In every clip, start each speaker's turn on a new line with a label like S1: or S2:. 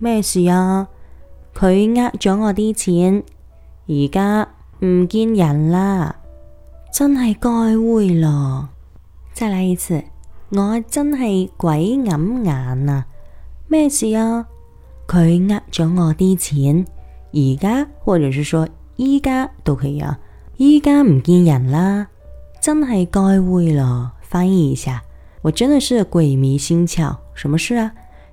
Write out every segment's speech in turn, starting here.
S1: 咩事啊？佢呃咗我啲錢，而家唔見人啦，真係該煨咯！再嚟一次，我真係鬼揞眼啊！咩事啊？佢呃咗我啲錢，而家或者是說依家都可以啊，依家唔見人啦，真係該煨咯！翻譯一下，我真的是鬼迷心竅，什麼事啊？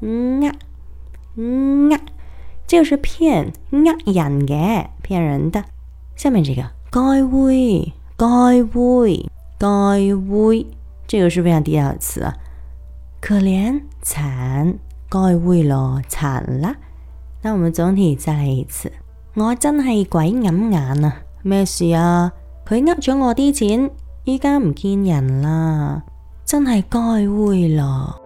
S1: 呃、嗯啊，呃、嗯啊，就、這個、是騙呃人嘅，騙人的。下面這個該煨，該煨，該煨，這個是非常低調嘅詞啊。可憐慘，該煨咯，慘啦。那我們總體再來一次，我真係鬼揞眼啊！咩事啊？佢呃咗我啲錢，依家唔見人啦，真係該煨咯。